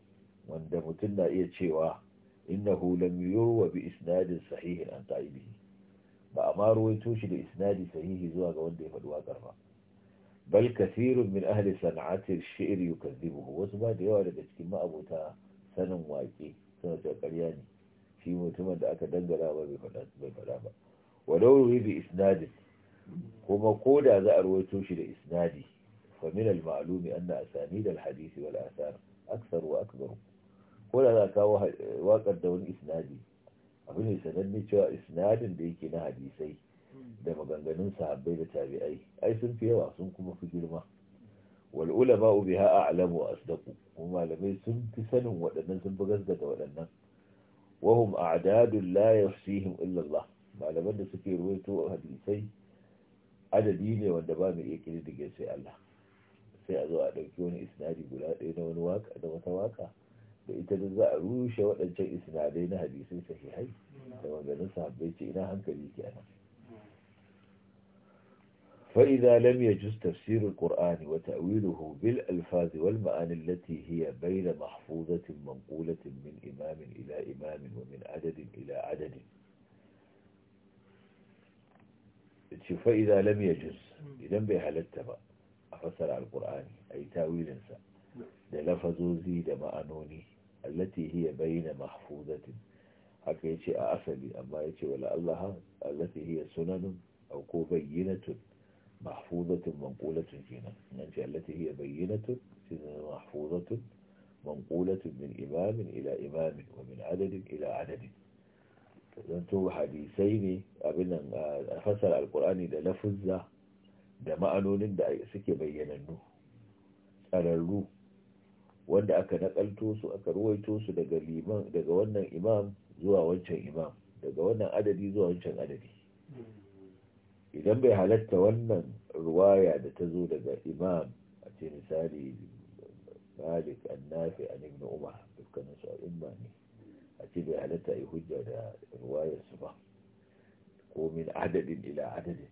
wanda mutum na iya cewa innahu lam yurwa bi isnadin sahihin an ta'ibihi ba a ma ruwaito shi da isnadi sahihi zuwa ga wanda ya faɗi waƙar ba bal kasirun min ahli sana'ati ash-shi'r yukazzibuhu wasu ba da yawa daga cikin ma'abota sanin waƙe suna cewa ƙarya ne shi mutumin da aka dangara ba bai faɗa ba walau ruwi bi isnadin kuma ko da za a shi da isnadi fa min al-ma'lumi anna asanid al-hadith wal athar akthar wa akbar ko da za kawo waƙar da wani isnadi abu ne sananne cewa isnadin da yake na hadisai da maganganun sahabbai da tabi'ai ai sun fi yawa sun kuma fi girma wal ulama biha a'lamu wa asdaqu kuma malamai sun fi sanin waɗannan sun fi gaskata waɗannan wahum a'dadul la yahsihim illa Allah malaman da suke ruwaito hadisai adadi ne wanda ba mai iya ƙididdige sai Allah sai a zo a ɗauki wani isnadi guda ɗaya na wani waka da wata waka da ita da za a rushe waɗancan isnadai na hadisai sahihai da maganin sahabbai ce ina hankali ke nan فإذا لم يجوز تفسير القرآن وتأويله بالألفاظ والمعاني التي هي بين محفوظة منقولة من إمام إلى إمام ومن عدد إلى عدد شوف إذا لم يجز إذا به على التبع أفسر على القرآن أي تاويل إنسا نعم. لفظوزي لما أنوني التي هي بين محفوظة حكا يشيء أصلي أما يشيء ولا الله التي هي سنن أو كبينة محفوظة منقولة جنة يعني التي هي بينة محفوظة منقولة من إمام إلى إمام ومن عدد إلى عدد zanto hadisai ne abinan a fasar alkur'ani da lafuzza da ma'anonin da suke bayyanannu tsararru wanda aka nakalto su aka ruwaito su daga liman daga wannan imam zuwa wancan imam daga wannan adadi zuwa wancan adadi idan bai halatta wannan ruwaya da ta zo daga imam a ce misali malik annafi an ibn umar dukkanin su al'umma ne a ce bai halatta yi hujja da ruwayarsu ba ko min adadin ila adadin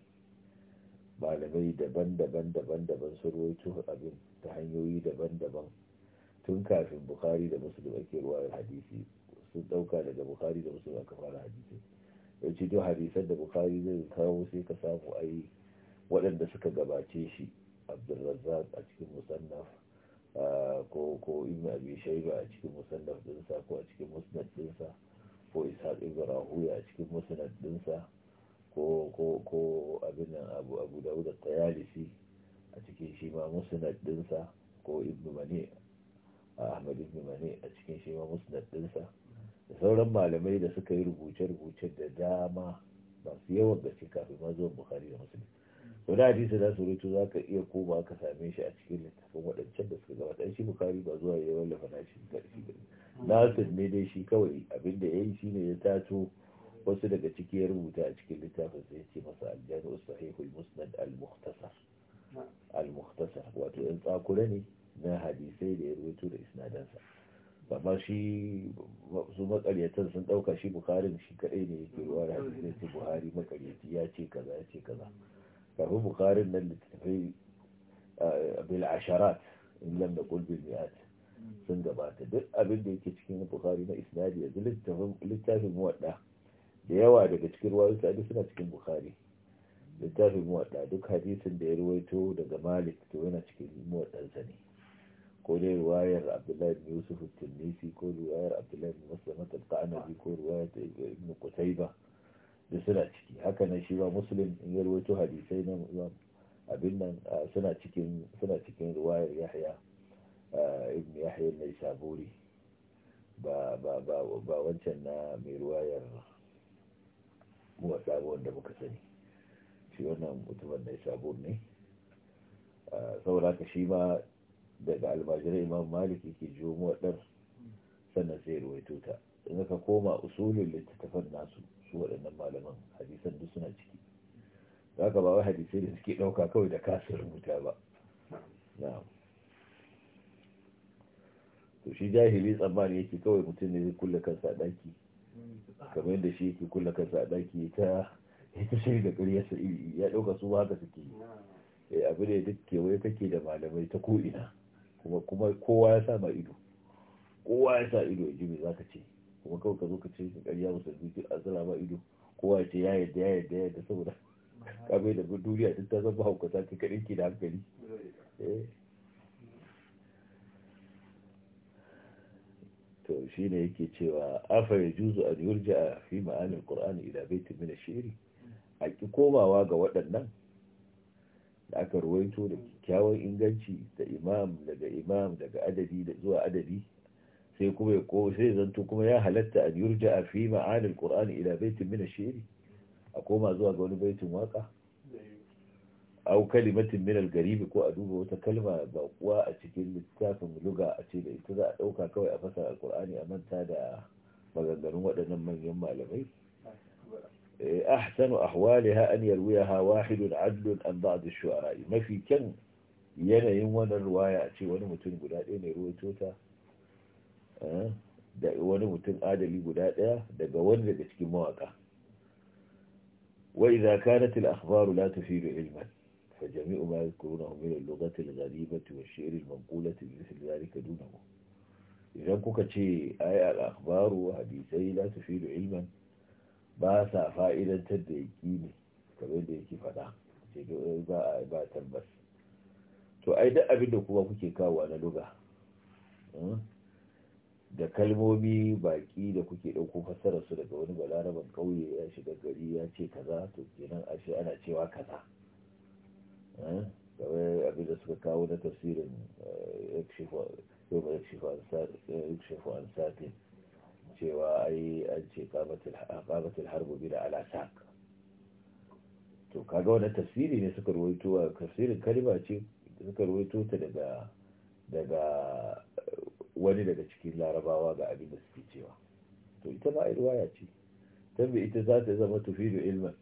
malamai daban-daban daban-daban sun ruwaito abin ta hanyoyi daban-daban tun kafin bukari da musulun ake ruwayar hadisi sun dauka daga bukari da musulun aka fara hadisi ya ce duk hadisan da bukari zai kawo sai ka samu ayi waɗanda suka gabace shi abdulrazzak a cikin musannaf ko ko ibn abi shayba a cikin musannaf dinsa ko a cikin musnad dinsa ko ishaq ibn rahuya a cikin musnad dinsa ko ko ko abin nan abu abu dawud at-tayalisi a cikin shi ma musnad dinsa ko ibn mani ahmad ibn mani a cikin shi ma musnad dinsa da sauran malamai da suka yi rubuce-rubuce da dama masu yawan gaske kafin mazo bukhari da muslim wani hadisi za su rutu za ka iya koma ka same shi a cikin littafin waɗancan da suka gabata ɗan shi bukari ba zuwa ya wallafa na shi ƙarfi nasir ne dai shi kawai abinda ya yi shi ne ya tato wasu daga ciki ya rubuta a cikin littafin sai ce masa aljanu sahihul musnad al-muhtasar al-muhtasar wato yan tsakura ne na hadisai da ya rubuto da isnadansa amma shi su makaryatan sun ɗauka shi bukarin shi kadai ne yake ruwa da hadisai buhari makaryaci ya ce kaza ya ce kaza kafin bukarin nan littattafai bil asharat in lam sun gabata duk abin da yake cikin bukari na isnadi yanzu littafin muwadda da yawa daga cikin ruwayoyi ta suna cikin bukari littafin muwadda duk hadisin da ya ruwaito daga malik to yana cikin muwaddansa ne ko dai ruwayar abdullahi bin yusuf tunisi ko ruwayar abdullahi bin muslim al-qanabi ko ruwayar ibn qutayba da suna ciki haka nan shi ba muslim in ya rawaito hadisai na imam abin nan suna cikin suna cikin riwayar yahya ibn yahya na saburi ba ba ba ba wancan na mai riwayar muwatsa sabo wanda muka sani shi wannan mutumin na sabo ne saboda ka shi ma daga almajirai imam malik yake jiwo muwaɗar sannan sai ruwaito ta in ka koma usulin littattafan nasu su waɗannan malaman hadisan duk suna ciki za ka ba wai hadisai da suke ɗauka kawai da kasa rubuta ba to shi jahili tsammani yake kawai mutum ne zai kulle kansa a ɗaki kamar yadda shi yake kulle kansa a ɗaki ta ya ta shiri da ƙaryarsa iri ya ɗauka su haka suke yi eh, abu ne duk kewaye kake da malamai ta ko'ina kuma kowa ya sa ma ido kowa ya sa ido ya za ka ce kuma kawai ka zo ka ce ƙarya musulmi duk a ba ido kowa ce ya yadda ya yadda ya yadda saboda kamar da duniya duk ta zama haukata ta kaɗin ki da hankali eh. to shi ne yake cewa afa ya juzu a yurja a fi ma'anin ƙur'ani ila baitin mina shiri a ƙi komawa ga waɗannan da aka ruwaito da kyakkyawan inganci da imam daga imam daga adadi da zuwa adadi sai kuma ya ko sai zanto kuma ya halatta an yurja fi ma'anar qur'ani ila baitin min ash-shi'ri a koma zuwa ga wani baitin waka au kalimatin min al-garibi ko a duba wata kalma ba kuwa a cikin littafin luga a ce da ita za a dauka kawai a fasar al-qur'ani a manta da maganganun waɗannan manyan malamai أحسن أحوالها أن يرويها واحد عدل عن بعض الشعراء yanayin في كان a ce wani mutum guda ɗaya ne يروي توتا Eh, da wani mutum adali guda ɗaya daga wani daga cikin mawaƙa wai za ka na la tafi da ilman fa jami'u ma ya kuma hamilin lokacin zalibatu wa shirin mankula zai da zari ka duna idan kuka ce ayi a akhbaru hadisai la tafi da ilman ba sa fa'idantar da yaki ne kamar da yake faɗa eh, ba tabbas to ai duk abin da kuma kuke kawo na duga eh, da kalmomi baƙi da kuke ɗauko fassarar su daga wani balaraban ƙauye ya shiga gari ya ce kaza to kenan a ce ana cewa kaza eh? kawai abin da suka kawo na tafsirin yakshifu an satin cewa ai an ce kamatul harbu bi da alasak to kaga wani tafsiri ne suka ruwaito a tafsirin kalma suka ruwaito ta daga wani daga cikin larabawa ga abin da suke cewa to ita ma riwaya ce tambaye ita za ta zama da ilman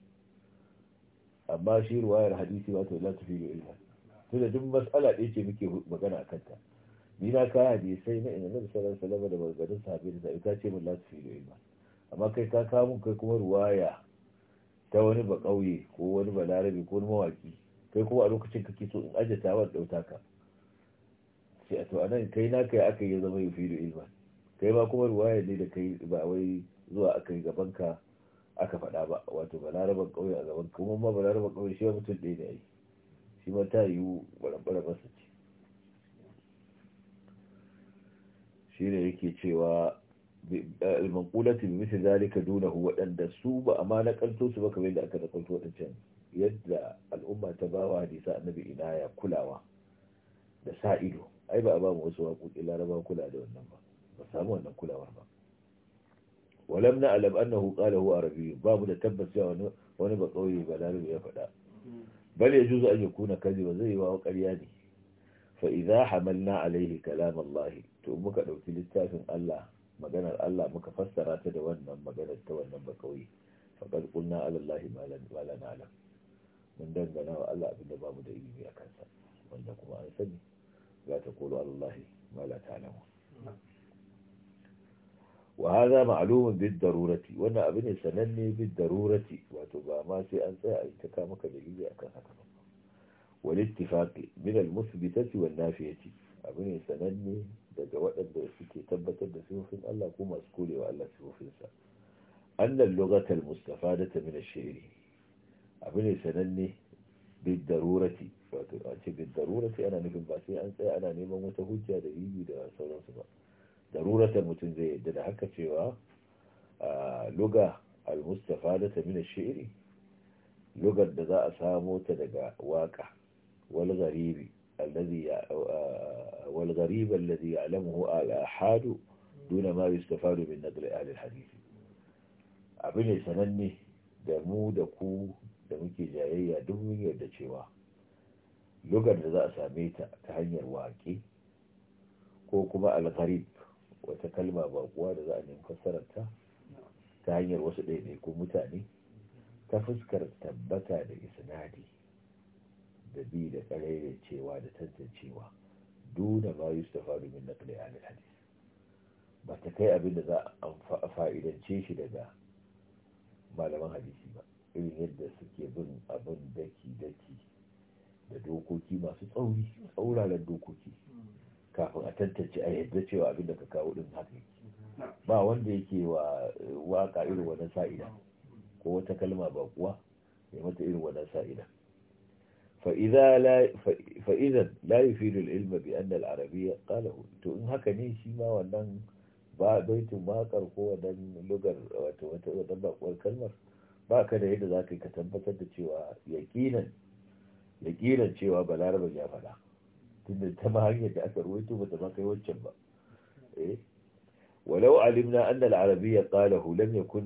amma shi riwayar hadisi wato la tufidu ilman to da duk mas'ala ɗaya ce muke magana akan ta ni na ka sai na inna nabi sallallahu alaihi wasallam da maganganun sahabbai da ita ce mun fi da ilman amma kai ka kawo mun kai kuma riwaya ta wani ba kauye ko wani ba larabi ko wani mawaki kai kuma a lokacin kake so in ajiye wa dauta ka sai a to anan kai na kai aka yi zama yufidu ilma kai ma kuma ruwaya ne da kai ba wai zuwa aka yi gaban ka aka faɗa ba wato balaraban ƙauye a gaban kuma ma balaraban ƙauye shi ma mutum ɗaya ne ai shi ma ta yiwu barabara masa ce shi ne yake cewa al-manqulati bi misli zalika dunahu waɗanda su ba amma na kanto su ba kamar yadda aka nakalto wadancan yadda al'umma ta bawa hadisa annabi ina ya kulawa da sa ido ai ba a ba mu wasu waƙoƙi laraba kula da wannan ba ba samu wannan kulawar ba walam na alam annahu qala huwa arabiy ba mu da tabbas cewa wani bakauye ba kauye ba larabi ya faɗa bal yajuzu an kaji ba zai yi wa ƙarya ne fa idza hamalna alaihi kalam Allah to muka dauki littafin Allah maganar Allah muka fassara ta da wannan maganar ta wannan ba kauye faqad qulna ala Allah ma la na'lam mun dangana wa Allah abinda babu da ilimi a kansa wanda kuma an sani لا تقولوا على الله ما لا تعلمون وهذا معلوم بالضرورة وانا ابني سنني بالضرورة واتبع ما في انساء انتكامك للي اكثر والاتفاق من المثبتة والنافية ابني سنني بجوات الدرسك تبت بسيوف الله قوم اسكولي وألا سيوف انساء ان اللغة المستفادة من الشعر ابني سنني بالضرورة wato a ce bin darura sai ana nufin ba sai an tsaya ana neman wata hujja da bibi da sauransu ba daruratar mutum zai yadda da haka cewa a luga al-mustafa da ta mina shi'iri lugar da za a samo ta daga waka wal gharibi ya wal allazi ya ya'lamuhu al ahadu duna ma yustafadu min nadr al sananne da mu da ku da muke jayayya duk mun yarda cewa lugar da za a same ta ta hanyar waƙe ko kuma algharib wata kalma baƙuwa da za a nemi fassararta ta hanyar wasu ɗaiɗaikun mutane ta fuskar tabbata da isnadi da bi da ƙarairar cewa da tantancewa duna ma yustafa domin na kula yanar hadis ba ta kai abin da za a fa'idance shi daga malaman hadisi ba irin yadda suke bin abin daki-daki da dokoki masu tsauri tsauraran dokoki kafin a tantance a yadda cewa abin da ka kawo din haka ba wanda yake wa waka irin wannan sa'ida ko wata kalma ba kuwa ya mata irin wannan sa'ida فإذا لا فإذا لا يفيد العلم بأن العربية to in haka ne shi ma wannan ba baitin makar ko wannan lugar wato wata wannan bakwar kalmar ba ka da yadda zaka ka tabbatar da cewa yaqinan da kiran cewa balarabar ya faɗa tunda ta ma hanyar da aka ruwaito ba ta kai waccan ba ولو علمنا أن العربية قاله لم يكن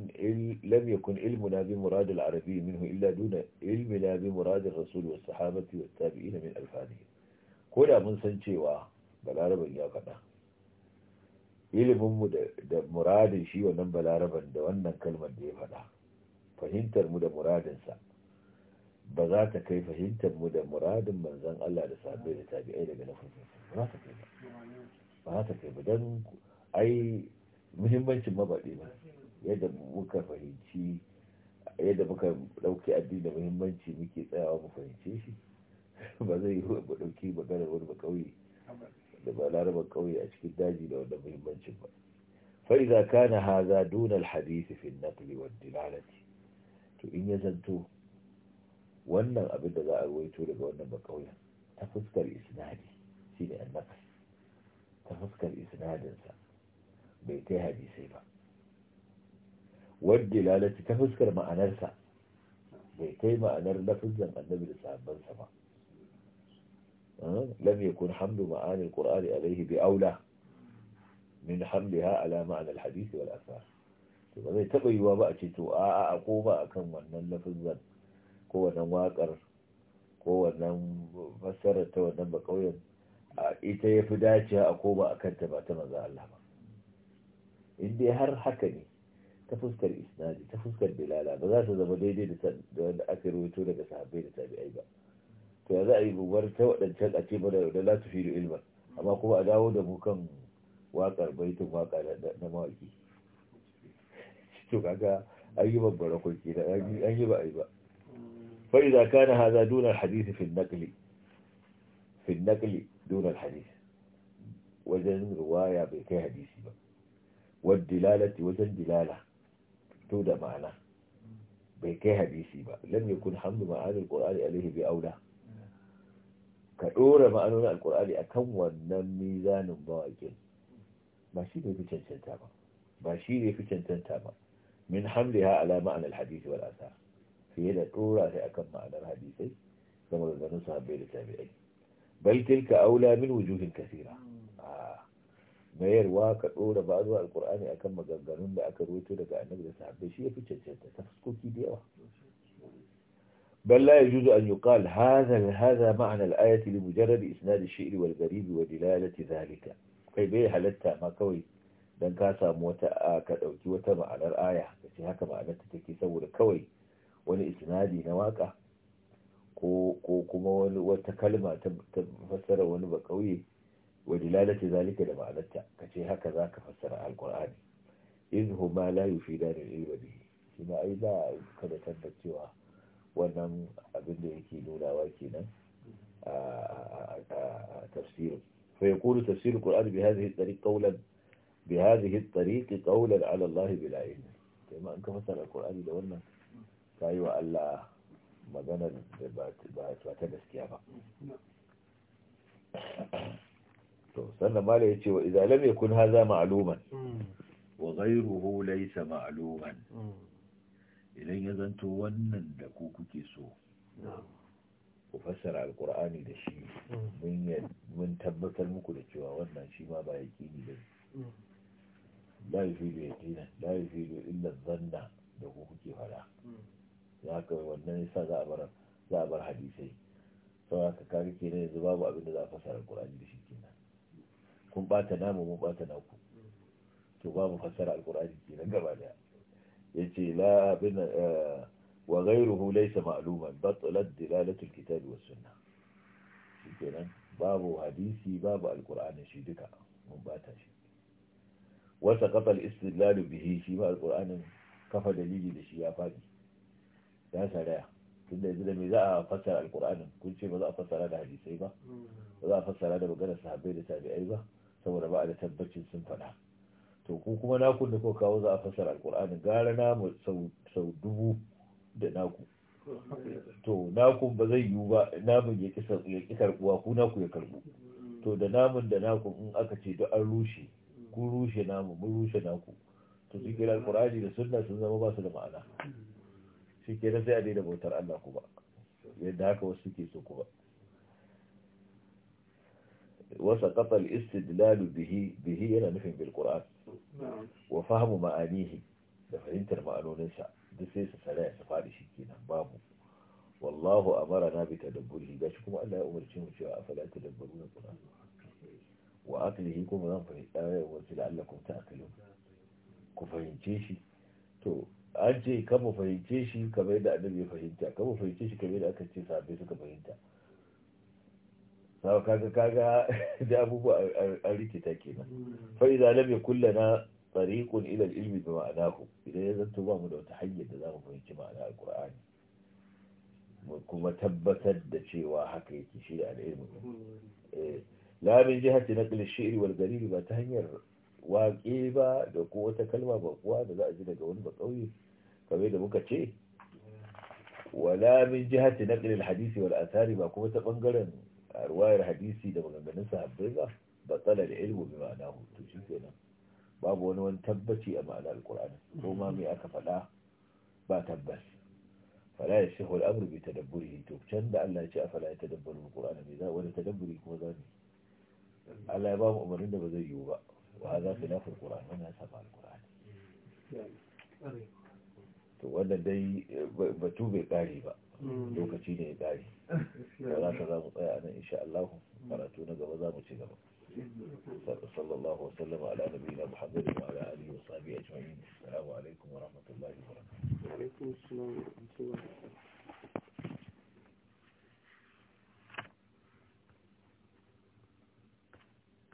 لم يكن علمنا بمراد العربي منه إلا دون علمنا بمراد الرسول والصحابة والتابعين من ألفانهم كنا من سنشيوا بالعرب يا فنا ilimin mu da muradin shi wannan balaraban da wannan kalmar da ya faɗa fahimtar mu da muradinsa ba za ta kai fahimtar mu da muradin manzan Allah da sabai da tabi'ai daga na farko ba za ta kai ba ba ta kai ba don ai muhimmancin mabaɗi ba yadda muka fahimci yadda muka ɗauki addini da muhimmanci muke tsayawa mu fahimce shi ba zai yi mu ɗauki maganar wani bakauye da ba laraba kauye a cikin daji da wanda muhimmancin ba fa'iza kana haza dunal hadith fi naqli wad dilalati to in ya zanto wannan abin da za a ruwaito daga wannan bakauyen ta fuskar isnadi shi ne annabi ta fuskar isnadinsa bai kai hadisai ba wadda lalaci ta fuskar ma'anarsa bai kai ma'anar lafizan annabi da sahabbansa ba lam yakun hamdu ma'ani alqur'ani alayhi bi aula min hamliha ala ma'ana hadisi wal asar to bai zai taba yiwa ba a ce to a a ko ba akan wannan lafizan ko wannan waƙar ko wannan fassarar ta wannan bakauyen ita ya fi dacewa a koma a kanta ba ta maza Allah ba in dai har haka ne ta fuskar isnadi ta fuskar bilala ba za ta zama daidai da wanda aka rubuto daga sahabbai da tabi'ai ba to ya za a yi bubar ta waɗancan a ce ba da la tufidu ilmar. amma kuma a dawo da mu kan waƙar baitin waƙa na mawaƙi to kaga an yi babbar kwanci da an yi ba a yi ba فإذا كان هذا دون الحديث في النقل في النقل دون الحديث وزن رواية بكي حديث والدلالة وزن دلالة تود معنى بكي حديث لم يكن حمل معاني القرآن عليه بأولى كأورة معنى القرآن أكم ونميزان ضائج ما شيء في تنتنتا ما شيء في تنتنتا من حملها على معنى الحديث والآثار يلا طورا أكم ما أنا الحديثي ثم لنا صحابي التابعين بل تلك أولى من وجوه كثيرة ما يروى كطورا بعض القرآن أكم مجنون بأكروه ترى كأنك صحابي شيء في تشتت تفسكو كذي بل لا يجوز أن يقال هذا هذا معنى الآية لمجرد إسناد الشئر والغريب ودلالة ذلك كي بيه حلتا ما كوي لن كاسا موتا آكا أوتي وتا معنى الآية كي هكا معنى تتكي سور كوي wani isnadi na waka ko kuma wani wata kalma ta fassara wani ba kauye wa dilalati zalika da ma'anarta kace haka zaka fassara alqur'ani in huma la yufidani ilma bihi kuma ai za ka da tabbacewa wannan abin da yake nunawa kenan a tafsirin فيقول تفسير القرآن بهذه الطريق قولا بهذه الطريق قولا على الله بلا علم كما أنك مثلا القرآن لو أنك ka yi wa Allah maganar da ba ta gaskiya ba to sannan mala ya ce wa izalam lam kun haza ma'luman wa ghayruhu laysa ma'luman idan ya zanto wannan da ku kuke so ku fassara alkur'ani da shi mun tabbatar muku da cewa wannan shi ma ba yaqini ba la yufidu yaqina la yufidu illa dhanna da ku kuke fara Ya ka wannan yasa za a bar za a bar hadisai saboda ka kage kenan yanzu babu abin da za a fasara alqur'ani da shi kenan kun bata namu mun bata naku to babu fasara alqur'ani kenan gaba daya yace la abin eh, wa ghayruhu laysa ma'luman batlat dilalatu alkitabi was sunnah shi kenan babu hadisi babu alqur'ani shi duka mun bata shi wasa kafa al-istidlal bihi shi ba alqur'ani kafa dalili da shi ya fadi ya saraya da yanzu da me za a fassara alkur'anin kun ce ba za a fassara da hadisai ba ba za a fassara da maganar sahabbai da tabi'ai ba saboda ba a da tabbacin sun faɗa to ku kuma naku da kuka kawo za a fassara alkur'anin gara namu sau dubu da naku to nakun ba zai yiwu ba namun ya ƙi karɓuwa ku naku ya karɓu to da namun da naku in aka ce duk an rushe ku rushe namu mun rushe naku to cikin alkur'ani da sunna sun zama ba su da ma'ana shi ke sai a daina bautar Allah ba yadda haka wasu suke so ba wasa kafal istidlalu bihi bihi yana nufin bil qur'an wa fahmu ma'anihi da fahimtar ma'anoninsa duk sai su salaya ya safari shi kenan babu wallahu amarana bi tadabburi gashi kuma Allah ya umarci mu cewa afala tadabburuna qur'an wa aklihi kuma zan fahimta wa la'allakum ta'qilun ku fahimce shi to an ce ka mu fahimce shi kamar yadda annabi ya fahimta ka mu fahimce shi kamar yadda aka ce sahabbai suka fahimta Sawa kaga kaga da abubuwa an rikita kenan fa idza lam yakul lana tariqun ila al-ilmi bi ma'anahu idan ya zanto ba mu da wata hanyar da za mu fahimci ma'ana al-qur'ani mu kuma tabbatar da cewa haka yake shi da al-ilmi eh, la min jihati naqli ash-shi'ri wal dalil ba ta hanyar waƙe ba da ko wata kalma ba kuwa da za a ji daga wani bakauye kamar da muka ce wala min jihati naqli al-hadisi wal athari ba kuma ta bangaren ruwayar hadisi da maganganun sahabbai ba tsala da ilmu bi ma'anahu hutu shi kenan babu wani wani tabbaci a ma'anar alkur'ani ko ma mai aka faɗa ba tabbas fala ya shi hul amru bi tadabburi to can da Allah ya ce a fala ya tadabburu alkur'ani bai za wani tadabburi kuma za ne Allah ya ba mu umarnin da ba zai yiwu ba wa za su lafi ƙura'ani wani ya saba alƙura'ani to wanda dai eh, batu bai ƙare ba mm. lokaci ne ya ƙare da za ka za mu tsaya nan insha Allah karatu na gaba za mu ci gaba sallallahu wasallam ala nabiyina muhammad wa ala alihi wa sahbihi ajma'in assalamu alaikum wa rahmatullahi wa barakatuh